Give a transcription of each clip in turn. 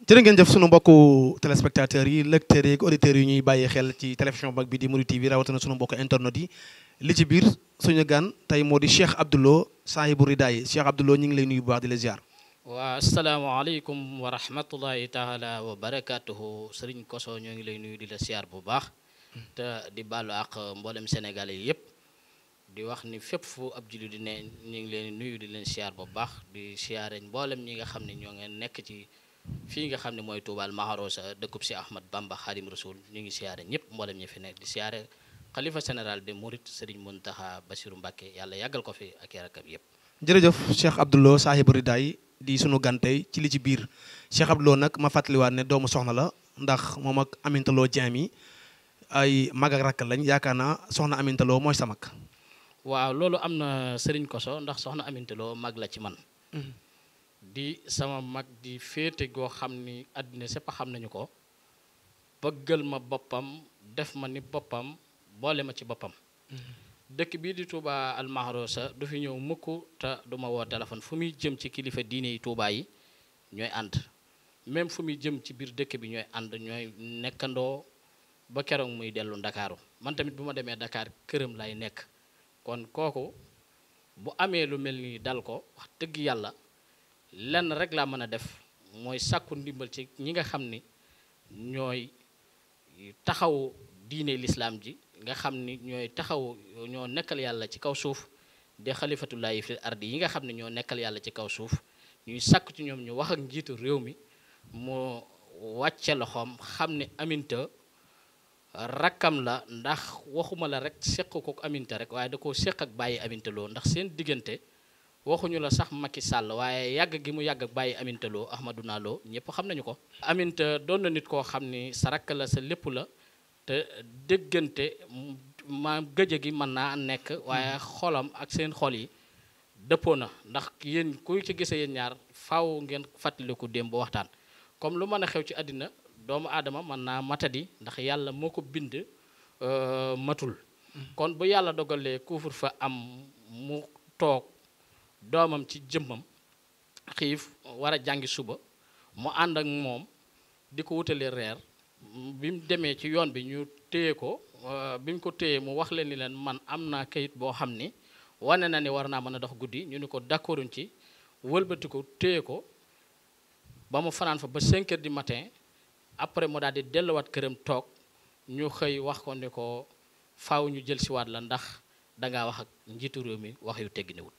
jërë ngeen jëf sunu mbokku téléspectateurs yi lecteurs yi auditeurs yi ñuy bàyyi xel ci télévision mag bi di Mouride TV rawatina sunu mbokku internet yi li ci biir suñu gan tey moo di Cheikh Abdou Lo saahibu ridaay Cheikh Abdou ñu ngi lay nuyu bu baax di la ziar. waa asalaamaaleykum wa rahmatullahi taala wa barakaatuhu Serigne Koso ñoo ngi lay nuyu di la ziar bu baax. te di baalu mboolem Sénégalais yëpp. di wax ni fépp fu ab julli di ne ñu ngi leen nuyu di leen ziar bu baax di ziare mboolem ñi nga xam ne ñoo ngeen nekk ci. fii nga xam ne mooy Tuubaal Maharosa dëkkub si Ahmad Bamba Xaadim Rasul ñu ngi siyaare ñëpp mboolem ñi fi nekk di siyaare xalifa général bi Murit Serigne Muntaxa Basiru Mbàkke yàlla yàggal ko fi ak yarakam yëpp jërëjëf Cheikh Abdoulaye saahibu ridaay di sunu gantey ci li ci biir Cheikh Abdoulaye nag ma fàttaliwaat ne doomu soxna la ndax moom ak amintaloo jaam yi ay mag ak rakk lañ yaakaar naa soxna amintaloo mooy sa mag waaw loolu am na sëriñ koso ndax soxna amintaloo mag la ci man mm-hmm. di sama mag di féete goo xam ni àddina sépp xam nañu ko bëggal ma boppam def ma ni boppam boole ma ci boppam mm-hmm. dëkk bii di tuubaa Almahrousa du fi ñëw mukk te du ma woo téléphone fu muy jëm ci kilifa diine yi Touba yi ñooy ànd même fu muy jëm ci biir dëkk bi ñooy ànd ñooy nekkandoo ba keroog muy dellu ndakaaru man tamit bu ma demee ndakaar këram lay nekk kon kooku bu amee lu mel nii dal ko wax dëgg yàlla lenn rek laa mën a def mooy sàkku ndimbal ci ñi nga xam ni ñooy taxawu diine lislaam ji nga xam ni ñooy taxawu ñoo nekkal yàlla ci kaw suuf de xalifatullaahi fil ardi yi nga xam ne ñoo nekkal yàlla ci kaw suuf ñuy sàkku ci ñoom ñu wax ak njiitu réew mi moo wàcce loxoom xam ne aminta rakkam la ndax waxuma la rek séq kook aminta rek waaye da koo séq ak bàyyi aminta loo ndax seen diggante waxuñu la sax makki Sall waaye yàgg gi mu yàgg ak bàyyi Aminta Lo Ahmaduna Lo ñëpp xam nañu ko. Aminta doon na nit koo xam ni sa rakk la sa lépp la te dëggante ma gëj gi mën naa nekk waaye hmm. xolam ak seen xol yi dëppoo na ndax yéen kuy ci gisee yéen ñaar faw ngeen fàttaliku démb waxtaan. comme lu mën a xew ci àddina doomu aadama mën naa matadi ndax yàlla moo ko bind euh, matul. Hmm. kon bu yàlla dogalee couvre-feu am mu toog. doomam ci jëmmam xiif war a jàngi suba mu ànd ak moom di ko wutale reer bi mu demee ci yoon bi ñu téye ko euh, bi ñu ko téye mu wax leen ni leen man am naa kayit boo xam ni wane na ni war naa mën a dox guddi ñu ni ko d'accorduñ ci wëlbati ko téye ko ba mu fanaan fa ba 5 heures du matin après mu daal di delluwaat këram toog ñu xëy wax ko ni ko faw ñu jël siwaat la ndax dangaa wax ak njiitu réew mi wax yu teggi ne wut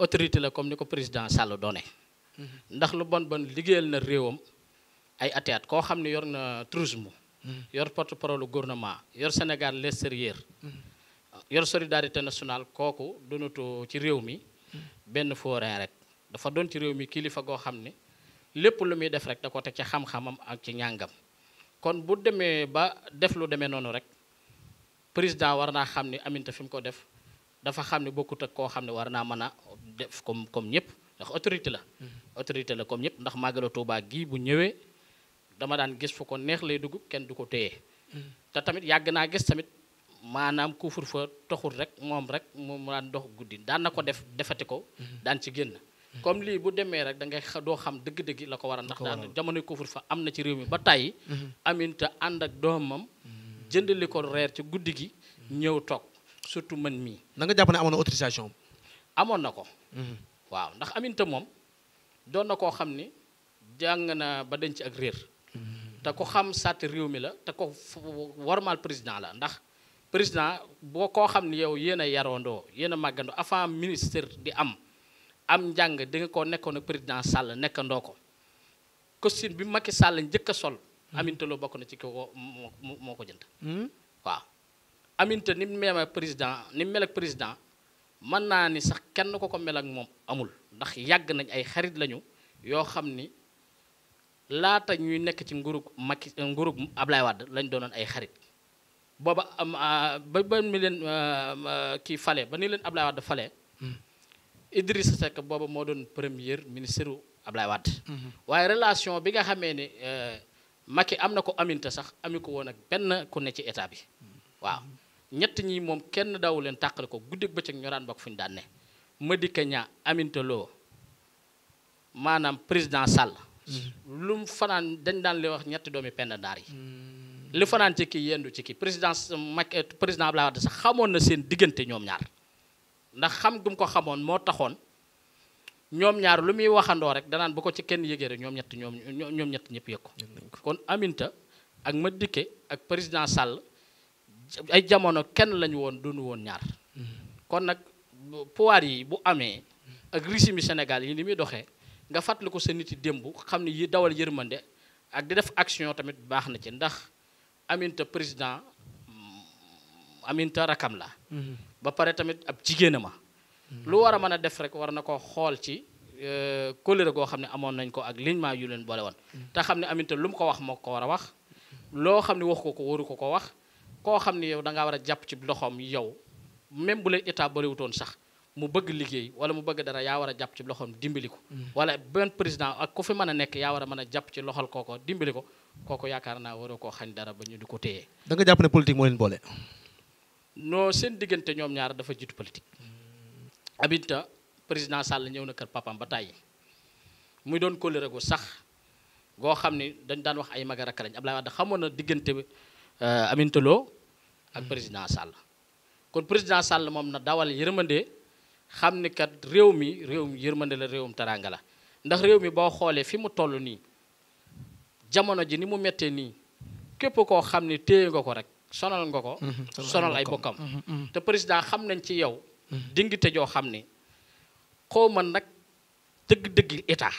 autorité la comme ni ko président Sall doone ndax lu bon bon liggéeyal na réewam ay atiat koo xam ne yor na tourisme yor porte parole gouvernement yor Sénégal l'extérieur yor solidarité nationale kooku donatu ci réew mi benn forain rek dafa doon ci réew mi kilifa goo xam ne lépp lu muy def rek da ko teg ci xam-xamam ak ci ñàngam kon bu demee ba def lu demee noonu rek président war naa xam ni aminta fi ko def dafa xam ne bokkut ak koo xam ne war naa mën a def comme comme ñëpp ndax autorité la. Mhm. autorité la comme ñëpp ndax màggalu Tuubaa gii bu ñëwee dama daan gis fu ko neex lay dugub kenn du ko téye. Mhm. te tamit yàgg naa gis tamit maanaam kufur fa toxul rek moom rek moom daan dox guddi daan na ko def defati ko. Mhm. daan ci génn. comme lii bu demee rek da ngay doo xam dëgg-dëgg la ko waral ndax daal jamono kufur fa am na ci réew mi ba tàyyi. amin te ànd ak doomam. jëndali ko reer ci guddi gi ñëw toog. surtout man mi da nga japp ne amono autorisation. amoon nako ko. Mhm. waaw ndax aminta moom doon na koo xam ni na ba denc ak rer mhm. ta ko xam sat rew mi la ta ko warmal president la ndax président bo ko xamni yow yena yarondo yena magando avant ministre di am am jang de nga ko nekkon ak président Sall nekkando ko kusin bi makki Sall njëkk sol. Mhm. aminta lo bokk na ci ko moko jënd. waaw. Aminta ni mu mel président ni mu mel président mën naa ni sax kenn ko ko mel moom amul ndax yàgg nañ ay xarit lañu yoo xam ni laata ñuy nekk ci ngurug Macky ngurug Ablaye Wade lañ doonoon ay xarit booba am ah, ba ba mi leen ah, ah, kii fale ba ni leen Ablaye Wade fale hmm. Idrissa Seck booba moo doon premier ministre Ablaye Wade hmm. waaye relation bi nga xamee ne eh, Macky am na ko Aminta sax ami ko woon ak benn ku ne ci état bi hmm. waaw ñett ñi moom kenn daawu leen tàqale ko guddeeg bëccëg ñoo daan bokk fu ñu daan ne Madické Niang Aminata Lo maanaam président Sall lu fanaan dañ daan li wax ñetti doomi penn daar yi hmm. li fanaan ci kii yendu ci ki président Macky eh, président Abdoulaye Wade sax xamoon na seen diggante ñoom ñaar ndax xam gum ko xamoon moo taxoon ñoom ñaar lu muy waxandoo rek danaan bu ko ci kenn yëgee rek ñoom ñett ñoom ñoom ñett ñëpp yëg ko kon Aminta ak Madické ak président Sall ay jamono kenn lañu woon doonu woon ñaar kon nag pouvoir yi bu amee ak régime yi Sénégal yi ni muy doxee nga fàttali ko sa nit yi démb xam ne yi dawal yërmande ak di def action tamit baax na ci ndax Aminta président Aminta rakam la mm-hmm. ba pare tamit ab jigéen a ma mm-hmm. lu war mën a def rek war na ko xool ci euh, kóllëre goo xam ne amoon nañ ko ak lignement yu leen boole woon mm-hmm. te xam ne Aminta lu mu ko wax moo ko war a wax loo xam ne wax ko ko wax koo xam ne yow da ngaa war a jàpp ci loxoom yow même bu la état bëriwutoon sax mu bëgg liggéey wala mu bëgg dara yaa war a jàpp ci loxoom dimbali ko. Mm. wala benn président ak ku fi mën a nekk yaa war a mën a jàpp ci loxol kooko dimbali ko kooku yaakaar naa waroo koo xañ dara ba ñu di ko téye. danga nga jàpp ne politique moo leen boole. non seen diggante ñoom ñaar dafa jiitu politique. Mm. Abinta président Sall ñëw na kër papam ba tàyyi muy doon kóllëre gu sax goo xam ni dañ daan wax ay maga rakk lañ Abdoulaye xamoon na diggante bi. Euh, Aminata ak mm-hmm. président Sall kon président Sall moom na dawal yërmande xam ni kat réew mi réew mi yërmande la réewum teraanga la ndax réew mi boo xoolee fi mu toll nii jamono ji ni mu méttee nii képp koo xam ni téye nga ko rek sonal nga ko mm-hmm. sonal ay bokkam mm-hmm. te président xam nañ ci yow dingite joo xam ni xoo mën nag dëgg-dëgg état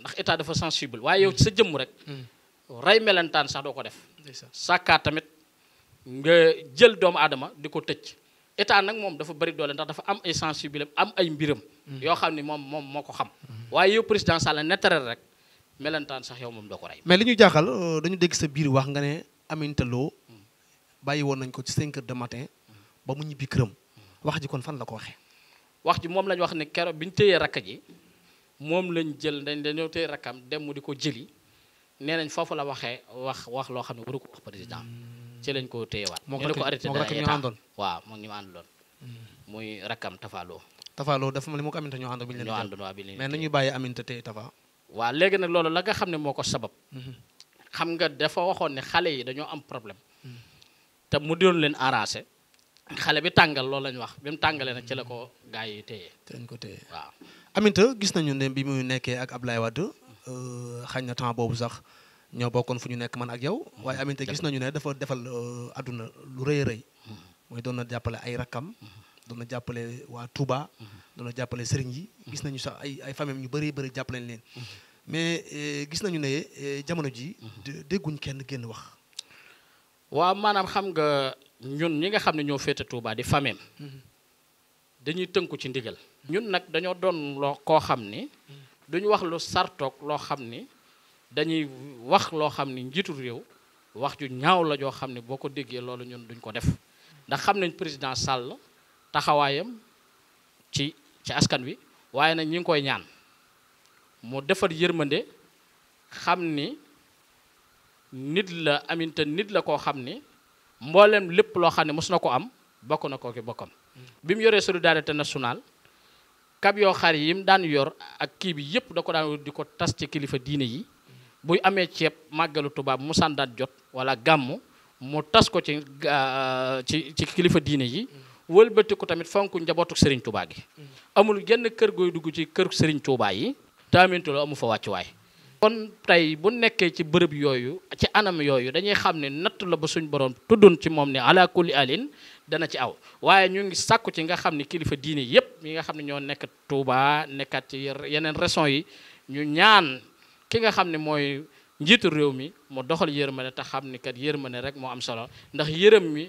ndax état dafa sensible waaye yow sa jëmm rek rey melentaan sax doo ko def sàkkaat tamit nga jël doomu aadama di ko tëj état nag moom dafa bari doole ndax dafa am ay sensibilité am ay mbiram mm. yoo xam ni moom moom moo ko xam waaye yow président Sall nettaral rek melentaan sax yow moom doo ko rey mais li ñu jaaxal euh, dañu dégg sa biir wax nga ne Aminata Lo bàyyi woon nañ ko ci 5 de matin ba mu ñibbi këram wax ji kon fan la ko waxee wax ji moom lañ wax ne keroog bi ñu téyee rakk ji moom lañ jël dañ dañoo téye rakkam dem mu di ko jëli nee la waxee wax wax loo xam ne waru ko wax président hmm. ci lañ ko téyewaat. moo ko arrêté moo ko ñu àndoon waaw moom ñu àndoon. muy rakkam Tafalo. Tafalo dafa mel ni moo ko aminta ñoo àndoon bi ñu leen àndoon waa bi leen mais nañu bàyyi aminta te Tafa. waaw léegi nag loolu la nga xam ne moo ko sabab. Hmm. xam nga dafa waxoon ne xale yi dañoo am problème. Hmm. te mu doon leen arrangé. xale bi tàngal loolu lañu wax bi mu tàngalee nag ci la ko gars yi téye. te ko téye waaw. aminta gis nañu ne bi muy nekkee ak Ablaye Wade Euh, xañ na temps boobu sax ñoo bokkoon fu ñu nekk man ak yow waaye aminte gis nañu ne dafa defal euh, àdduna lu rëy a rëy mm-hmm. mooy doon na jàppale ay rakkam mm-hmm. doon na jàppale waa Touba mm-hmm. doon na jàppale sëriñ yi gis nañu sax ay ay famille ñu bëri bëri jàppale leen mais euh, gis nañu ne jamono ji dégguñ kenn génn wax waa maanaam xam nga ñun ñi nga xam ne ñoo féete Touba di famille dañuy tënku ci ndigal ñun nag dañoo doon loo koo xam ni duñu wax lu sartoog loo xam ni dañuy wax loo xam ni njiitu réew wax ju ñaaw la joo xam ne boo ko déggee loolu ñun duñ ko def ndax xam nañ président Sall taxawaayam ci ci askan wi waaye nag ñi ngi koy ñaan mu defar yërmande xam ni nit la aminte nit la koo xam ni mboolem lépp loo xam ne mos ko am bokk na ko ki bokkam mm. bi mu yoree nationale kab yoo xar yi mu daan yor ak kii bi yëpp da ko daan di ko tas ci kilifa diine yi buy amee ceeb màggalu tubaab mu sàndaat jot wala gàmm mu tas ko ci ci ci kilifa diine yi wëlbati ko tamit fonk njabootu Serigne Touba gi amul genn kër gooy dugg ci kër Serigne Touba yi taamintu la amu fa wàccuwaay kon tey bu nekkee ci bërëb yooyu ci anam yooyu dañuy xam ne natt la ba suñ borom tuddoon ci moom ne ala kulli alin dana ci aw waaye ñu ngi sàkku ci nga xam ni kilifa diine yépp yi nga xam ne ñoo nekk Touba nekkaat ci yeneen régions yi ñu ñaan ki nga xam ne mooy njiitu réew mi mu doxal yërmande te xam ni kat yërmande rek moo am solo ndax yërëm mi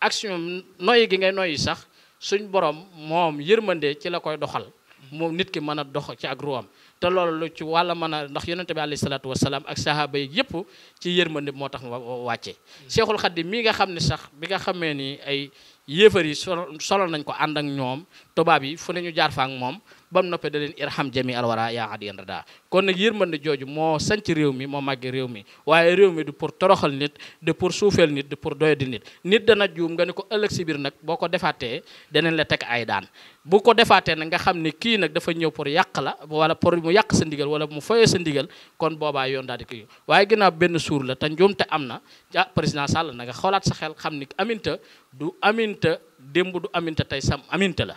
action noyyi gi ngay noyyi sax suñ borom moom yërmande ci la koy doxal moom nit ki mën a dox ci ak ruwam te loolu lu ci wàlla mën a ndax yonente bi alayhi salaatu wasalaam ak sahaba yi yëpp ci yërmande moo tax wàcce hmm. Cheikhul Khadim mii nga xam ne sax bi nga xamee ni ay yéefar yi solo nañ ko ànd ak ñoom tubaab yi fu ne ñu jaar fa ak moom ba mu noppee da leen irham jami alwara yaa adiyan rada kon nag yërmande jooju moo sanc réew mi moo màgge réew mi waaye réew mi du pour toroxal nit du pour suufeel nit du pour doyadi nit nit dana juum nga ne ko ëllëg si biir nag boo ko defaatee daneen la teg ay daan bu ko defaatee nag nga xam ne kii nag dafa ñëw pour yàq la wala pour mu yàq sa ndigal wala mu foyee sa ndigal kon boobaa yoon daa di kii waaye ginnaaw benn suur la te am na ah président Sall na nga sa xel xam ni aminta du aminta démb du aminta tey sam aminta la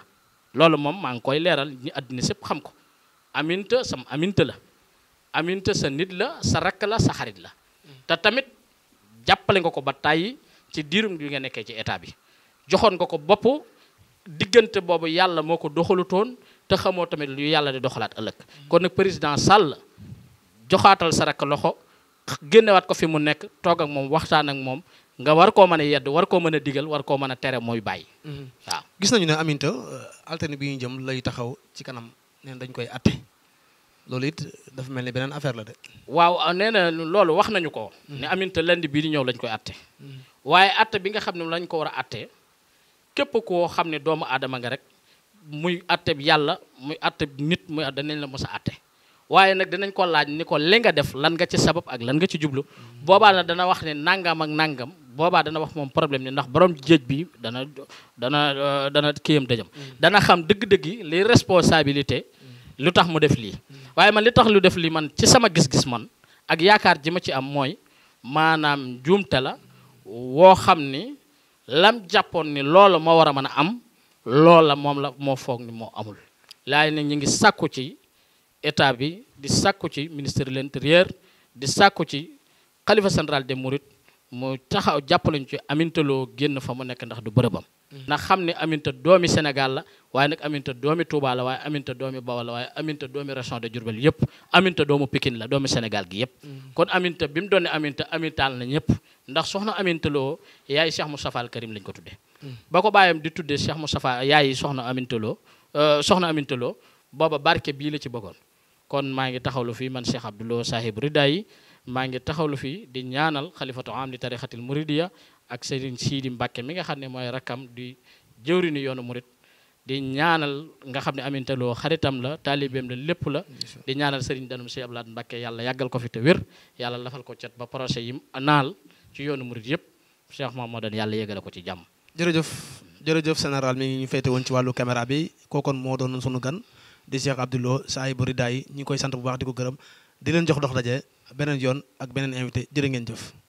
loolu moom maa ngi koy leeral ñi àddina sépp xam ko aminta sam aminta la aminta sa nit la sa rakk la sa xarit la te tamit jàppale nga ko ba tàyyi ci diirum bi nga nekkee ci état bi joxoon nga ko bopp diggante boobu yàlla moo ko doxalutoon te xamoo tamit lu yàlla di doxalaat ëllëg kon nag président Sall joxaatal sa rakk loxo génnewaat ko fi mu nekk toog ak moom waxtaan ak moom nga war koo mën a yedd war koo mën a digal war koo mën a tere mooy bàyyi. Mhm. waaw gis nañu ne Aminta euh, alterné bi ñu jëm lay taxaw ci kanam neen dañ koy atte loolu it dafa mel ni beneen affaire la de. waaw ah, nee loolu wax nañu ko. Mhm. ne Aminta lundi bii di ñëw lañ koy atte mhm. waaye atte bi nga xam ne lañ ko war a atte képp koo xam ne doomu aadama nga rek muy atte bi yàlla muy atte bi nit muy danañ la mos a atte waaye nag dinañ ko laaj ni ko li nga def lan nga ci sabab ak lan nga ci jublu boobaa na dana wax ne nàngam ak nangam boobaa dana wax moom problème ni ndax borom jéej bi dana dana euh, dana kiyam dajam mm. dana xam dëgg-dëgg li responsabilité mm. lu tax mu def lii mm. waaye man li tax lu def lii man ci sama gis-gis man ak yaakaar ji ma ci am mooy maanaam njuumte la woo xam ni lam jàppoon ni loolu moo war a mën a am la moom la moo foog ni moo amul laay ne ñu ngi sàkku ci état bi di sàkku ci ministère de l'intérieur di sàkku ci xalifa central des mourides mu taxaw jàppalañu ci Aminta Lo génn fa mu nekk ndax du bërëbam mm. ndax xam ne Aminta doomi Sénégal la waaye nag Aminta doomi Touba la waaye Aminta doomi Bawol la waaye Aminta doomi région de Diourbel yëpp Aminta doomu Pikine la doomi Sénégal gi yëpp mm. kon Aminta bi mu doon ne Aminta amintaal na ñëpp ndax soxna Aminta Lo yaay Cheikh Moustapha Al Karim lañ ko tuddee mm. ba ko bàyyam di tuddee Cheikh Moustapha yaay soxna Aminta Lo euh, soxna Aminta Lo booba barke bii la ci bëggoon kon ma ngi taxawlu fi man Cheikh Abdoulaye Sahib Ridaay ma ngi taxawlu fi di ñaanal khalifatu am di tarixatil muridiya ak Serigne Sidi Mbacke mi nga xamne moy rakam di jeewrini yoonu murid di ñaanal nga xamne ne lo xaritam la talibem la lepp la di ñaanal Serigne danum Cheikh Abdoulaye Mbacke yalla yagal ko fi te wer yalla lafal ko ciat ba projet yim anal ci yoonu murid yep Cheikh Mamadou yalla yegal ko ci jam jërëjëf jërëjëf général mi ngi ñu fété won ci walu caméra bi kookoon mo doon sunu gan di Cheikh Abdoulaye saahibu ridaa yi ñu koy sant bu baax di ko gërëm di leen jox dox daje beneen yoon ak beneen invité jërë ngeen jëf